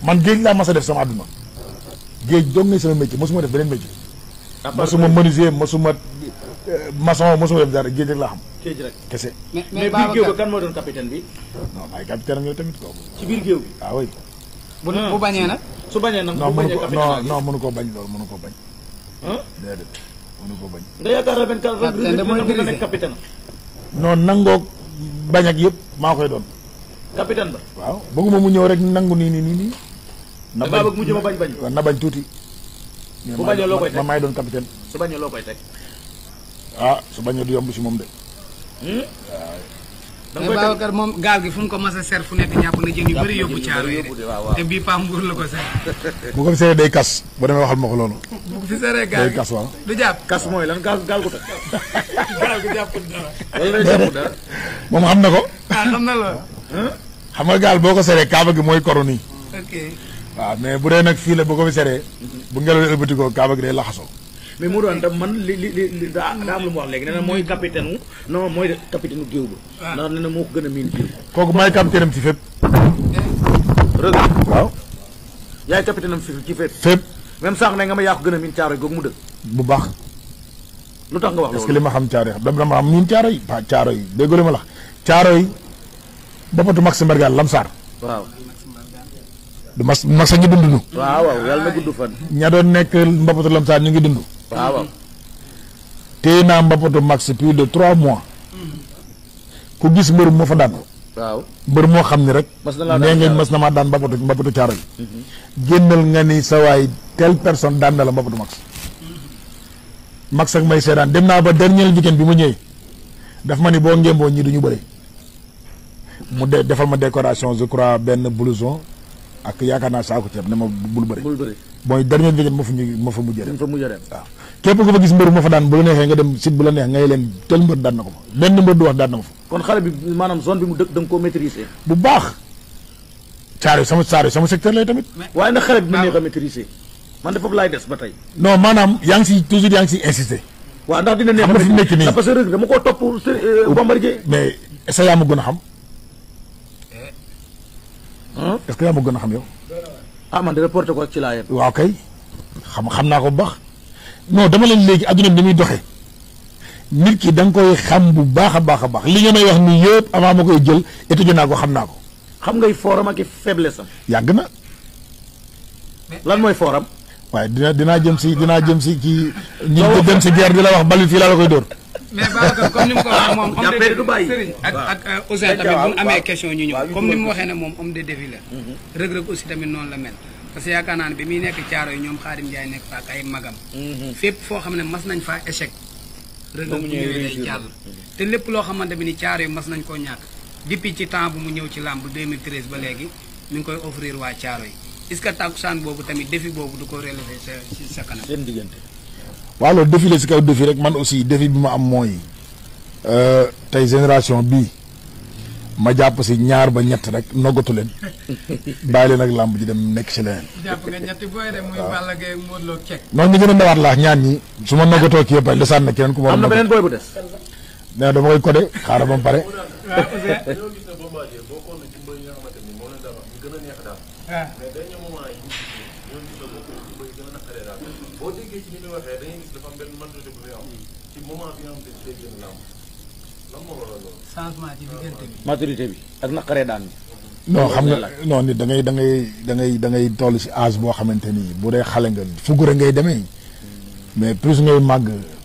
man geej la mas a def sama aduna geej dong ngay sama métier musuma def beneen métier. mosuma menuisier mosuma euh, maçon musuma def dara geej rek la xam. geej rek kese. mais mais geew kan mo don capitaine bi. non ay capitaine ñu tamit ko ci bir geew bi ah oui. bu ah. bu bañee nag. su bañee nag bu bañee capitaine non non mënu ko bañ lool mënu ko bañ. déedéet mënu ko bañ. da ya ne benn kàlla rek. capitaine capitaine. non nangok bañ ak yëpp maa koy capitaine ba waaw bëgguma mu ñëw rek nangu nii nii nii nii na bañ bëgg mu jëm bañ bañ na bañ tuuti bu bañee loo koy teg ma may doon capitaine su bañee loo koy teg ah su bañee du yomb si moom de mais hmm? Babacar moom gaal gi fu mu ko mas a ser fu nekk ñàpp na jën yu bëri yóbbu caaro yi te bii paam nguur la ko ser bu ko fi day kas bu demee waxal ma ko bu ko fi seree gaal gi kas waaw du jàpp kas mooy lan gaal gaal gu tëj gaal gu jàpp dara wala day dara moom xam na ko ah xam na la xam nga gal boko séré kaba gi moy koru ok ah mais bu dee nag fii la boo ko fi séré bu ngelaw li ko kaba gi day laxaso mais mu doon man li li li da am lu mu wax légui nee moy capitaine non moy capitaine u géew ba ah. ndax nee na moo ko gën a miin géew kooku capitaine ci fep rek waw yaay capitaine am ci fep fep même sax né nga ma yaa gëna min a gog mu dëkk bu bax lutax nga wax est ce que li ma xam caaro dama ma min caaro pa ba caaro yi ma la caaro bopp du max mbargal lamsar waaw du max max ñu dund nu waaw waaw yalla na gudd fan ña doon nekk mbapatu lamsar ñu ngi dund waaw waaw té na mbapatu max plus de 3 mois ku gis mbeur mo fa daan waaw mbeur mo xamni rek né ngeen mas na ma daan mbapatu mbapatu ciaral mhm. gennal nga ni sa way tel personne dan na la mbapatu max max ak may sédane dem na ba dernier weekend bi mu ñëw daf ma ni bo ngembo ñi duñu mu de defal ma décoration je crois ben blouson ak yakana naa saako ceeb ne ma bul bëri. bul bëri mooy dernier bi ma fa ñu ma fa mujjee dem. fa mujjee dem képp fa gis mbeur ma fa daan bu la neexee nga dem site bu la neex ngay len tel mbeur daan nako ben mbeur du wax daan nako kon xale bi manam zone bi mu dëkk dang ko maîtriser. bu baax. caare sama caare sama secteur lay tamit. way na xale bi mu neex maîtriser. man de foofu laay des non manam yang si toujours yang si insister. wa ndax dina neex. parce que dama ko top euh, Bombardier. mais sa yaa ma xam est-ce que yaa ma gën a xam yow. ah man de reporté ko ci laa yem. waaw kay xam xam naa ko bu baax non dama leen léegi adduna bi ni muy doxee nit ki da nga koy xam bu baax a baax a baax li nga may wax ni yëpp amaa ma koy jël étudié naa ko xam naa ko. xam ngay forum ak faiblesse am. yàgg na. lan mooy forum. waaye dina dinaa jëm si dinaa jëm si ci. ñi dem si guerre di la wax bal bi fii laa la koy dóor. mais Babacar comme ni mu ko euh, question ñu ñëw comme ni mu waxee ne moom homme de défi la mm-hmm. rëg-rëg aussi tamit noonu la mel parce que yaakaar naa ne bi muy nekk caaro yi ñoom Xaadim Njaay nekk ak ay magam mm-hmm. fépp foo xam ne mas nañ faa échec rëg-rëg bu ñëwee day jàll mm-hmm. te lépp loo xamante bi ni caaro yi mas nañ koo ñàkk depuis ci temps mu ñëw ci làmb 2013 ba léegi mi ngi koy offrir waa caaro yi est-ce que tàkkusaan boobu tamit défi boobu du ko relever sa sa kanam seen diggante waaw loolu défi la si kaw défi rek man aussi défi bi ma am mooy euh, tey génération bi ma jàpp si ñaar ba ñett rek noggatu leen bàyyi leen ak làmb ji dem nekk si leneen. jàpp nga ñetti booy de noonu ñu gën a ndawaat laax ñaar ñi su ma noggatoo kii yëpp rek desaat na keneen ku ma. am na beneen booy bu des. nee na dama koy codé xaaral ba mu pare. wala dara ah. hmm. bi maturité bi ak naqaree daan bi. Hmm. non xam nga non nit dangay ngay da ngay da toll si ase boo xamante ni bu dee xale nga fugure ngay demee hmm. mais plus ngay màgg.